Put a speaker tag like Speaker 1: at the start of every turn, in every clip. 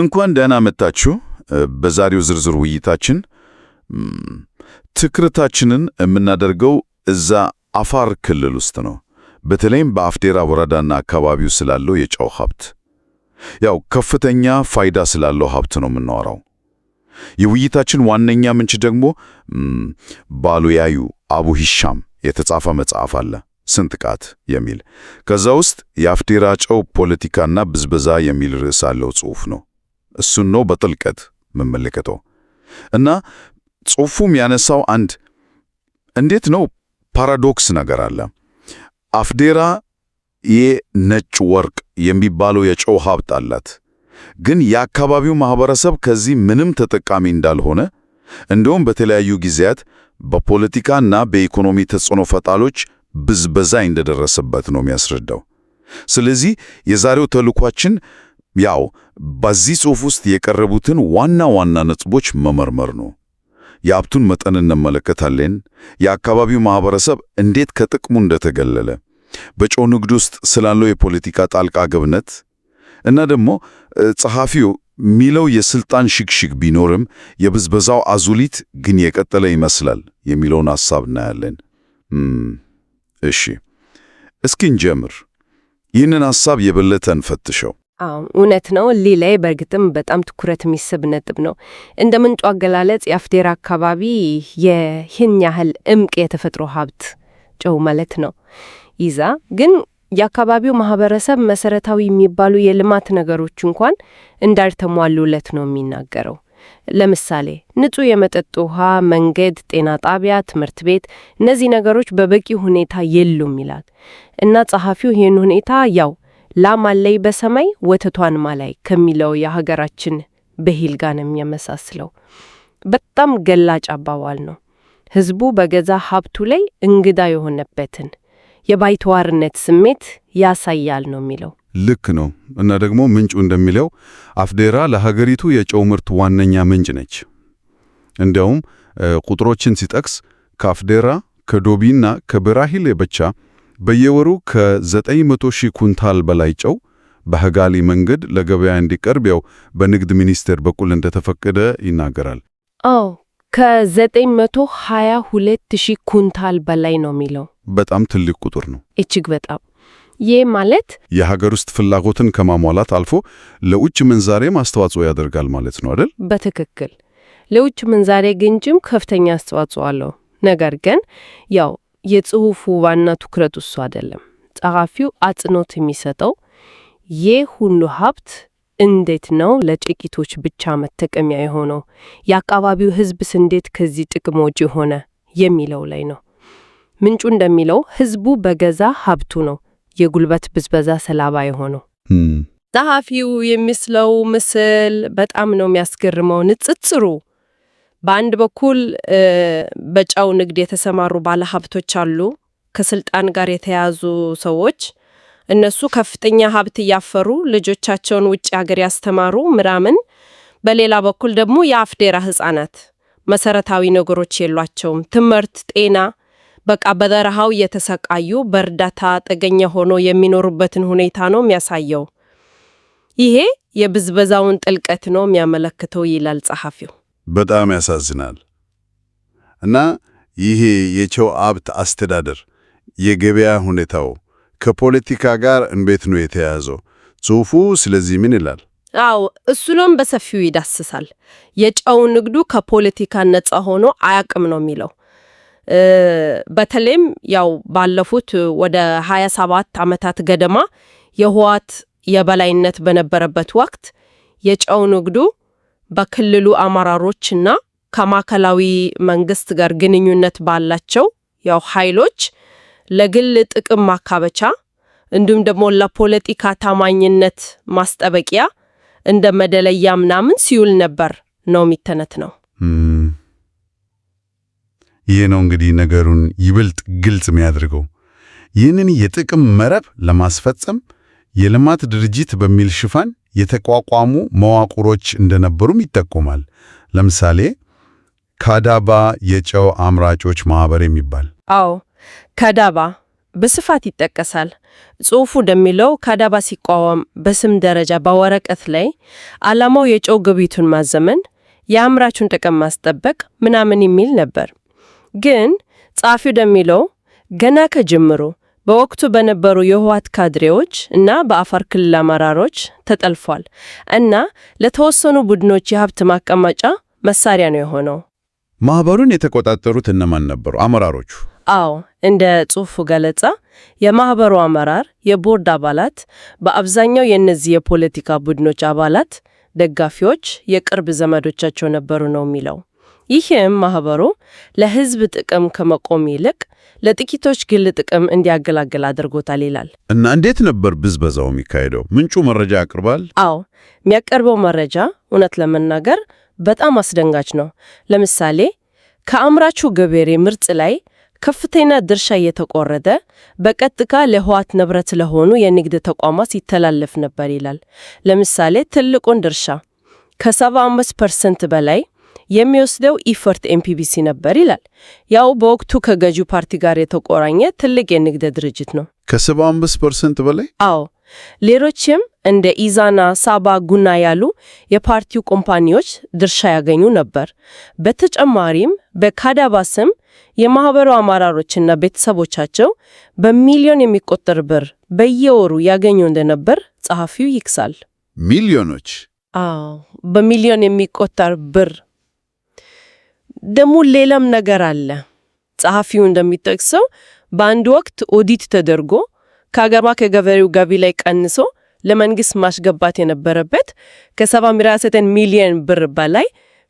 Speaker 1: እንኳን ደህና መጣችሁ። በዛሬው ዝርዝር ውይይታችን ትኩረታችንን የምናደርገው እዛ አፋር ክልል ውስጥ ነው። በተለይም በአፍዴራ ወረዳና አካባቢው ስላለው የጨው ሀብት፣ ያው ከፍተኛ ፋይዳ ስላለው ሀብት ነው የምናወራው። የውይይታችን ዋነኛ ምንጭ ደግሞ ባሉያዩ አቡ ሂሻም የተጻፈ መጽሐፍ አለ ስንጥቃት የሚል ከዛ ውስጥ የአፍዴራ ጨው ፖለቲካና ብዝበዛ የሚል ርዕስ አለው ጽሑፍ ነው። እሱን ነው በጥልቀት መመለከተው እና ጽሑፉም ያነሳው አንድ እንዴት ነው ፓራዶክስ ነገር አለ። አፍዴራ የነጭ ወርቅ የሚባለው የጨው ሀብት አላት፣ ግን የአካባቢው ማህበረሰብ ከዚህ ምንም ተጠቃሚ እንዳልሆነ እንዲሁም በተለያዩ ጊዜያት በፖለቲካና በኢኮኖሚ ተጽዕኖ ፈጣሎች ብዝበዛ እንደደረሰበት ነው የሚያስረዳው። ስለዚህ የዛሬው ተልኳችን ያው በዚህ ጽሑፍ ውስጥ የቀረቡትን ዋና ዋና ነጥቦች መመርመር ነው። የሀብቱን መጠን እንመለከታለን። የአካባቢው ማህበረሰብ እንዴት ከጥቅሙ እንደተገለለ፣ በጨው ንግድ ውስጥ ስላለው የፖለቲካ ጣልቃ ገብነት እና ደግሞ ጸሐፊው ሚለው የስልጣን ሽግሽግ ቢኖርም የብዝበዛው አዙሊት ግን የቀጠለ ይመስላል የሚለውን ሐሳብ እናያለን። እሺ፣ እስኪ እንጀምር። ይህንን ሐሳብ የበለጠ እንፈትሸው።
Speaker 2: እውነት ነው። እሊ ላይ በእርግጥም በጣም ትኩረት የሚስብ ነጥብ ነው። እንደ ምንጩ አገላለጽ የአፍዴራ አካባቢ ይህን ያህል እምቅ የተፈጥሮ ሀብት ጨው ማለት ነው ይዛ ግን የአካባቢው ማህበረሰብ መሰረታዊ የሚባሉ የልማት ነገሮች እንኳን እንዳልተሟሉለት ነው የሚናገረው። ለምሳሌ ንጹህ የመጠጥ ውሃ፣ መንገድ፣ ጤና ጣቢያ፣ ትምህርት ቤት፣ እነዚህ ነገሮች በበቂ ሁኔታ የሉም ይላል እና ጸሐፊው ይህን ሁኔታ ያው ላም በሰማይ ወተቷን ማላይ ከሚለው የሀገራችን ብሂል ጋር ነው የሚያመሳስለው። በጣም ገላጭ አባባል ነው። ህዝቡ በገዛ ሀብቱ ላይ እንግዳ የሆነበትን የባይተዋርነት ስሜት ያሳያል ነው የሚለው።
Speaker 1: ልክ ነው። እና ደግሞ ምንጩ እንደሚለው አፍዴራ ለሀገሪቱ የጨው ምርት ዋነኛ ምንጭ ነች። እንዲያውም ቁጥሮችን ሲጠቅስ ከአፍዴራ ከዶቢና ከብራሂሌ ብቻ በየወሩ ከ900 ሺህ ኩንታል በላይ ጨው በሀጋሊ መንገድ ለገበያ እንዲቀርብ ያው በንግድ ሚኒስቴር በኩል እንደተፈቀደ ይናገራል።
Speaker 2: አዎ ከ922 ሺህ ኩንታል በላይ ነው የሚለው
Speaker 1: በጣም ትልቅ ቁጥር ነው።
Speaker 2: እጅግ በጣም ይህ ማለት
Speaker 1: የሀገር ውስጥ ፍላጎትን ከማሟላት አልፎ ለውጭ ምንዛሬም አስተዋጽኦ ያደርጋል ማለት ነው አይደል?
Speaker 2: በትክክል ለውጭ ምንዛሬ ግንጭም ከፍተኛ አስተዋጽኦ አለው። ነገር ግን ያው የጽሑፉ ዋና ትኩረት እሱ አይደለም። ጸሐፊው አጽንኦት የሚሰጠው ይህ ሁሉ ሀብት እንዴት ነው ለጥቂቶች ብቻ መጠቀሚያ የሆነው? የአካባቢው ሕዝብስ እንዴት ከዚህ ጥቅሞች የሆነ የሚለው ላይ ነው። ምንጩ እንደሚለው ሕዝቡ በገዛ ሀብቱ ነው የጉልበት ብዝበዛ ሰላባ የሆነው። ጸሐፊው የሚስለው ምስል በጣም ነው የሚያስገርመው። ንጽጽሩ በአንድ በኩል በጨው ንግድ የተሰማሩ ባለሀብቶች አሉ፣ ከስልጣን ጋር የተያዙ ሰዎች። እነሱ ከፍተኛ ሀብት እያፈሩ ልጆቻቸውን ውጭ ሀገር ያስተማሩ ምናምን። በሌላ በኩል ደግሞ የአፍዴራ ህጻናት መሰረታዊ ነገሮች የሏቸውም፣ ትምህርት፣ ጤና። በቃ በበረሃው እየተሰቃዩ በእርዳታ ጥገኛ ሆኖ የሚኖሩበትን ሁኔታ ነው የሚያሳየው። ይሄ የብዝበዛውን ጥልቀት ነው የሚያመለክተው ይላል ጸሐፊው።
Speaker 1: በጣም ያሳዝናል። እና ይሄ የቸው ሀብት አስተዳደር የገበያ ሁኔታው ከፖለቲካ ጋር እንዴት ነው የተያያዘው? ጽሑፉ ስለዚህ ምን ይላል?
Speaker 2: አዎ እሱንም በሰፊው ይዳስሳል። የጨው ንግዱ ከፖለቲካ ነጻ ሆኖ አያቅም ነው የሚለው በተለይም ያው ባለፉት ወደ 27 ዓመታት ገደማ የህወሓት የበላይነት በነበረበት ወቅት የጨው ንግዱ በክልሉ አመራሮችና ከማዕከላዊ መንግስት ጋር ግንኙነት ባላቸው ያው ኃይሎች ለግል ጥቅም ማካበቻ እንዲሁም ደግሞ ለፖለቲካ ታማኝነት ማስጠበቂያ እንደ መደለያ ምናምን ሲውል ነበር ነው የሚተነት ነው።
Speaker 1: ይህ ነው እንግዲህ ነገሩን ይበልጥ ግልጽ የሚያደርገው። ይህንን የጥቅም መረብ ለማስፈጸም የልማት ድርጅት በሚል ሽፋን የተቋቋሙ መዋቅሮች እንደነበሩም ይጠቁማል። ለምሳሌ ካዳባ የጨው አምራቾች ማህበር የሚባል
Speaker 2: አዎ፣ ካዳባ በስፋት ይጠቀሳል። ጽሑፉ እንደሚለው ካዳባ ሲቋቋም በስም ደረጃ በወረቀት ላይ ዓላማው የጨው ግብይቱን ማዘመን፣ የአምራቹን ጥቅም ማስጠበቅ ምናምን የሚል ነበር። ግን ጸሐፊው እንደሚለው ገና ከጅምሩ በወቅቱ በነበሩ የህወሓት ካድሬዎች እና በአፋር ክልል አመራሮች ተጠልፏል እና ለተወሰኑ ቡድኖች የሀብት ማቀማጫ መሳሪያ ነው የሆነው።
Speaker 1: ማኅበሩን የተቆጣጠሩት እነማን ነበሩ አመራሮቹ?
Speaker 2: አዎ እንደ ጽሑፉ ገለጻ የማኅበሩ አመራር፣ የቦርድ አባላት፣ በአብዛኛው የእነዚህ የፖለቲካ ቡድኖች አባላት፣ ደጋፊዎች፣ የቅርብ ዘመዶቻቸው ነበሩ ነው የሚለው። ይህም ማህበሩ ለህዝብ ጥቅም ከመቆም ይልቅ ለጥቂቶች ግል ጥቅም እንዲያገላግል አድርጎታል ይላል።
Speaker 1: እና እንዴት ነበር ብዝበዛው የሚካሄደው? ምንጩ መረጃ ያቀርባል?
Speaker 2: አዎ፣ የሚያቀርበው መረጃ እውነት ለመናገር በጣም አስደንጋጭ ነው። ለምሳሌ ከአምራቹ ገበሬ ምርጽ ላይ ከፍተኛ ድርሻ እየተቆረጠ በቀጥታ ለህዋት ንብረት ለሆኑ የንግድ ተቋማት ይተላለፍ ነበር ይላል። ለምሳሌ ትልቁን ድርሻ ከ75 ፐርሰንት በላይ የሚወስደው ኢፈርት ኤምፒቢሲ ነበር ይላል። ያው በወቅቱ ከገዢው ፓርቲ ጋር የተቆራኘ ትልቅ የንግድ ድርጅት ነው።
Speaker 1: ከ75 ፐርሰንት በላይ
Speaker 2: አዎ። ሌሎችም እንደ ኢዛና፣ ሳባ፣ ጉና ያሉ የፓርቲው ኮምፓኒዎች ድርሻ ያገኙ ነበር። በተጨማሪም በካዳባ ስም የማህበሩ አመራሮችና ቤተሰቦቻቸው በሚሊዮን የሚቆጠር ብር በየወሩ ያገኙ እንደነበር ጸሐፊው ይክሳል። ሚሊዮኖች? አዎ፣ በሚሊዮን የሚቆጠር ብር ደግሞ ሌላም ነገር አለ። ጸሐፊው እንደሚጠቅሰው በአንድ ወቅት ኦዲት ተደርጎ ከአገባ ከገበሬው ገቢ ላይ ቀንሶ ለመንግስት ማስገባት የነበረበት ከ7.9 ሚሊዮን ብር በላይ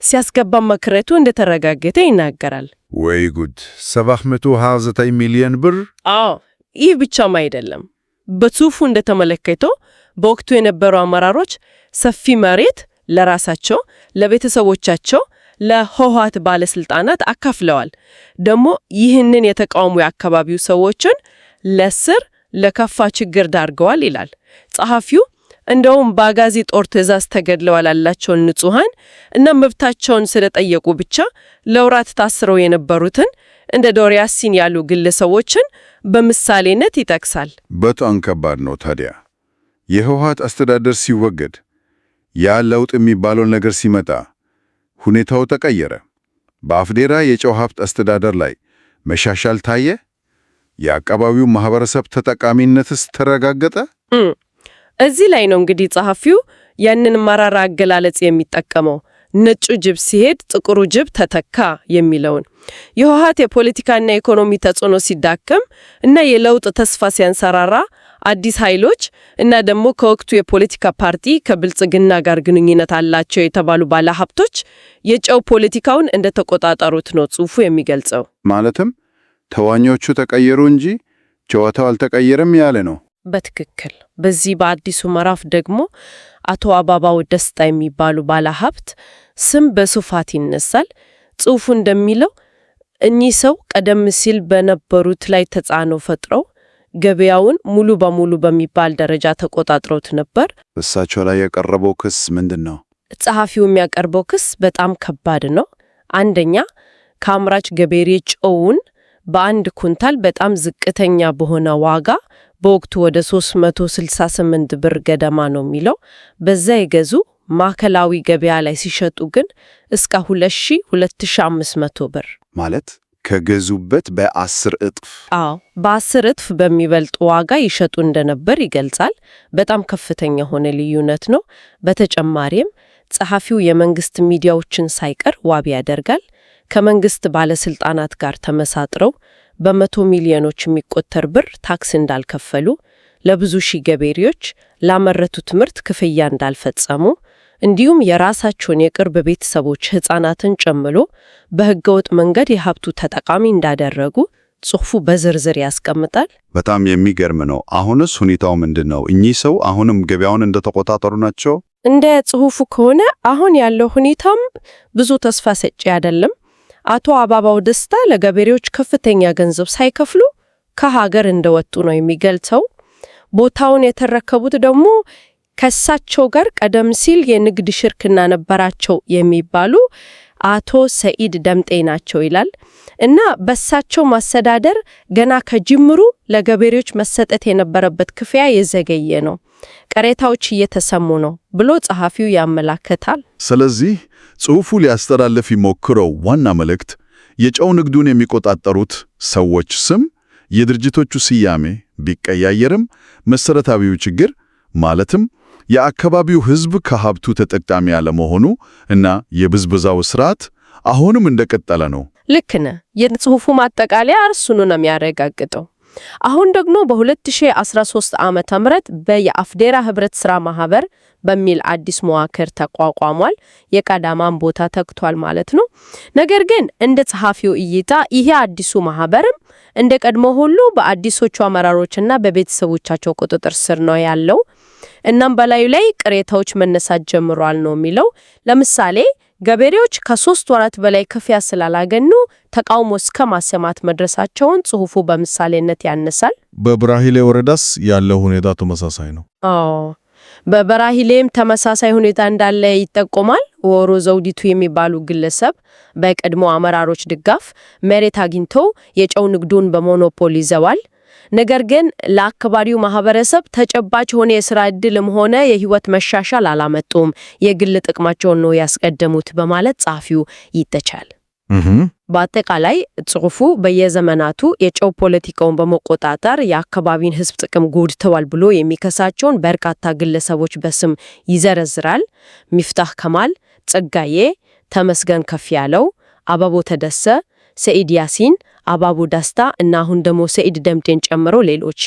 Speaker 2: ሲያስገባ መክረቱ እንደተረጋገጠ ይናገራል።
Speaker 1: ወይ ጉድ! 729 ሚሊዮን ብር!
Speaker 2: አዎ፣ ይህ ብቻም አይደለም። በጽሑፉ እንደተመለከተው በወቅቱ የነበሩ አመራሮች ሰፊ መሬት ለራሳቸው ለቤተሰቦቻቸው ለህወሓት ባለስልጣናት አካፍለዋል። ደግሞ ይህንን የተቃውሞ የአካባቢው ሰዎችን ለስር ለከፋ ችግር ዳርገዋል ይላል ጸሐፊው። እንደውም በአጋዚ ጦር ትእዛዝ ተገድለዋል ያላቸውን ንጹሐን እና መብታቸውን ስለጠየቁ ብቻ ለውራት ታስረው የነበሩትን እንደ ዶሪያሲን ያሉ ግለሰቦችን በምሳሌነት ይጠቅሳል።
Speaker 1: በጣም ከባድ ነው ታዲያ የህወሓት አስተዳደር ሲወገድ ያ ለውጥ የሚባለው ነገር ሲመጣ ሁኔታው ተቀየረ። በአፍዴራ የጨው ሀብት አስተዳደር ላይ መሻሻል ታየ። የአካባቢው ማህበረሰብ ተጠቃሚነትስ ተረጋገጠ።
Speaker 2: እዚህ ላይ ነው እንግዲህ ጸሐፊው ያንን መራራ አገላለጽ የሚጠቀመው ነጩ ጅብ ሲሄድ ጥቁሩ ጅብ ተተካ የሚለውን የህወሓት የፖለቲካና ኢኮኖሚ ተጽዕኖ ሲዳክም እና የለውጥ ተስፋ ሲያንሰራራ አዲስ ኃይሎች እና ደግሞ ከወቅቱ የፖለቲካ ፓርቲ ከብልጽግና ጋር ግንኙነት አላቸው የተባሉ ባለሀብቶች የጨው ፖለቲካውን እንደ ተቆጣጠሩት ነው ጽሑፉ የሚገልጸው።
Speaker 1: ማለትም ተዋኞቹ ተቀየሩ እንጂ ጨዋታው አልተቀየረም ያለ ነው።
Speaker 2: በትክክል በዚህ በአዲሱ ምዕራፍ ደግሞ አቶ አባባው ደስታ የሚባሉ ባለሀብት ስም በስፋት ይነሳል። ጽሑፉ እንደሚለው እኚህ ሰው ቀደም ሲል በነበሩት ላይ ተጽዕኖ ፈጥረው ገበያውን ሙሉ በሙሉ በሚባል ደረጃ ተቆጣጥረውት ነበር።
Speaker 1: እሳቸው ላይ የቀረበው ክስ ምንድን ነው?
Speaker 2: ጸሐፊው የሚያቀርበው ክስ በጣም ከባድ ነው። አንደኛ ከአምራች ገበሬ ጨውን በአንድ ኩንታል በጣም ዝቅተኛ በሆነ ዋጋ በወቅቱ ወደ 368 ብር ገደማ ነው የሚለው በዛ የገዙ ማዕከላዊ ገበያ ላይ ሲሸጡ ግን እስከ 2500 ብር
Speaker 1: ማለት ከገዙበት በአስር እጥፍ
Speaker 2: አዎ በአስር እጥፍ በሚበልጥ ዋጋ ይሸጡ እንደነበር ይገልጻል። በጣም ከፍተኛ የሆነ ልዩነት ነው። በተጨማሪም ጸሐፊው የመንግስት ሚዲያዎችን ሳይቀር ዋቢ ያደርጋል። ከመንግስት ባለስልጣናት ጋር ተመሳጥረው በመቶ ሚሊዮኖች የሚቆጠር ብር ታክስ እንዳልከፈሉ፣ ለብዙ ሺህ ገበሬዎች ላመረቱት ምርት ክፍያ እንዳልፈጸሙ እንዲሁም የራሳቸውን የቅርብ ቤተሰቦች ህፃናትን ጨምሮ በህገወጥ መንገድ የሀብቱ ተጠቃሚ እንዳደረጉ ጽሑፉ በዝርዝር ያስቀምጣል።
Speaker 1: በጣም የሚገርም ነው። አሁንስ ሁኔታው ምንድን ነው? እኚህ ሰው አሁንም ገበያውን እንደተቆጣጠሩ ናቸው?
Speaker 2: እንደ ጽሑፉ ከሆነ አሁን ያለው ሁኔታም ብዙ ተስፋ ሰጪ አይደለም። አቶ አባባው ደስታ ለገበሬዎች ከፍተኛ ገንዘብ ሳይከፍሉ ከሀገር እንደወጡ ነው የሚገልጸው። ቦታውን የተረከቡት ደግሞ ከእሳቸው ጋር ቀደም ሲል የንግድ ሽርክና ነበራቸው የሚባሉ አቶ ሰኢድ ደምጤ ናቸው ይላል እና በእሳቸው ማስተዳደር ገና ከጅምሩ ለገበሬዎች መሰጠት የነበረበት ክፍያ የዘገየ ነው፣ ቅሬታዎች እየተሰሙ ነው ብሎ ጸሐፊው ያመላከታል።
Speaker 1: ስለዚህ ጽሑፉ ሊያስተላልፍ ይሞክረው ዋና መልእክት የጨው ንግዱን የሚቆጣጠሩት ሰዎች ስም የድርጅቶቹ ስያሜ ቢቀያየርም መሰረታዊው ችግር ማለትም የአካባቢው ሕዝብ ከሀብቱ ተጠቃሚ ያለመሆኑ እና የብዝበዛው ስርዓት አሁንም እንደቀጠለ ነው።
Speaker 2: ልክ ነህ። የጽሑፉ ማጠቃለያ እርሱን ነው የሚያረጋግጠው። አሁን ደግሞ በ2013 ዓ ም በየአፍዴራ ህብረት ሥራ ማህበር በሚል አዲስ መዋክር ተቋቋሟል። የቀዳማን ቦታ ተክቷል ማለት ነው። ነገር ግን እንደ ጸሐፊው እይታ ይሄ አዲሱ ማህበርም እንደ ቀድሞ ሁሉ በአዲሶቹ አመራሮችና በቤተሰቦቻቸው ቁጥጥር ስር ነው ያለው። እናም በላዩ ላይ ቅሬታዎች መነሳት ጀምሯል ነው የሚለው። ለምሳሌ ገበሬዎች ከሶስት ወራት በላይ ክፍያ ስላላገኙ ተቃውሞ እስከ ማሰማት መድረሳቸውን ጽሑፉ በምሳሌነት ያነሳል።
Speaker 1: በብራሂሌ ወረዳስ ያለው ሁኔታ ተመሳሳይ ነው?
Speaker 2: አዎ በበራሂሌም ተመሳሳይ ሁኔታ እንዳለ ይጠቆማል። ወሮ ዘውዲቱ የሚባሉ ግለሰብ በቀድሞ አመራሮች ድጋፍ መሬት አግኝተው የጨው ንግዱን በሞኖፖል ይዘዋል። ነገር ግን ለአካባቢው ማህበረሰብ ተጨባጭ የሆነ የስራ እድልም ሆነ የህይወት መሻሻል አላመጡም። የግል ጥቅማቸውን ነው ያስቀደሙት በማለት ጸሐፊው ይተቻል። በአጠቃላይ ጽሑፉ በየዘመናቱ የጨው ፖለቲካውን በመቆጣጠር የአካባቢን ህዝብ ጥቅም ጎድተዋል ብሎ የሚከሳቸውን በርካታ ግለሰቦች በስም ይዘረዝራል። ሚፍታህ ከማል፣ ጸጋዬ ተመስገን፣ ከፍ ያለው አበቦ ተደሰ፣ ሰኢድ ያሲን አባቡ ዳስታ እና አሁን ደግሞ ሰኢድ ደምጤን ጨምሮ ሌሎች።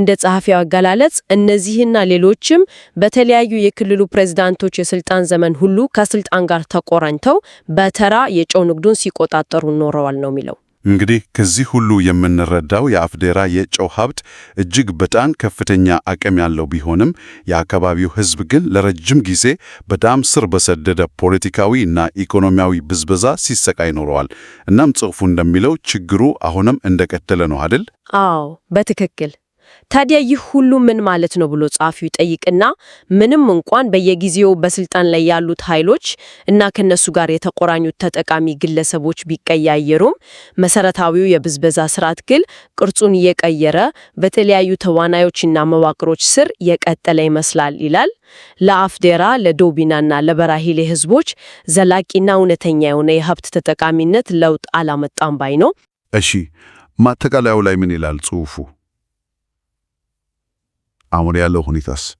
Speaker 2: እንደ ጸሐፊው አገላለጽ እነዚህና ሌሎችም በተለያዩ የክልሉ ፕሬዝዳንቶች የስልጣን ዘመን ሁሉ ከስልጣን ጋር ተቆራኝተው በተራ የጨው ንግዱን ሲቆጣጠሩ ኖረዋል ነው የሚለው።
Speaker 1: እንግዲህ ከዚህ ሁሉ የምንረዳው የአፍዴራ የጨው ሀብት እጅግ በጣም ከፍተኛ አቅም ያለው ቢሆንም የአካባቢው ሕዝብ ግን ለረጅም ጊዜ በጣም ስር በሰደደ ፖለቲካዊ እና ኢኮኖሚያዊ ብዝበዛ ሲሰቃይ ኖረዋል። እናም ጽሑፉ እንደሚለው ችግሩ አሁንም እንደቀጠለ ነው አይደል?
Speaker 2: አዎ፣ በትክክል። ታዲያ ይህ ሁሉ ምን ማለት ነው ብሎ ጸሐፊው ይጠይቅና ምንም እንኳን በየጊዜው በስልጣን ላይ ያሉት ኃይሎች እና ከነሱ ጋር የተቆራኙት ተጠቃሚ ግለሰቦች ቢቀያየሩም መሰረታዊው የብዝበዛ ስርዓት ግን ቅርጹን እየቀየረ በተለያዩ ተዋናዮችና መዋቅሮች ስር የቀጠለ ይመስላል ይላል። ለአፍዴራ ለዶቢናና ለበራሂሌ ህዝቦች ዘላቂና እውነተኛ የሆነ የሀብት ተጠቃሚነት ለውጥ አላመጣም ባይ ነው።
Speaker 1: እሺ ማጠቃለያው ላይ ምን ይላል ጽሑፉ? amorea los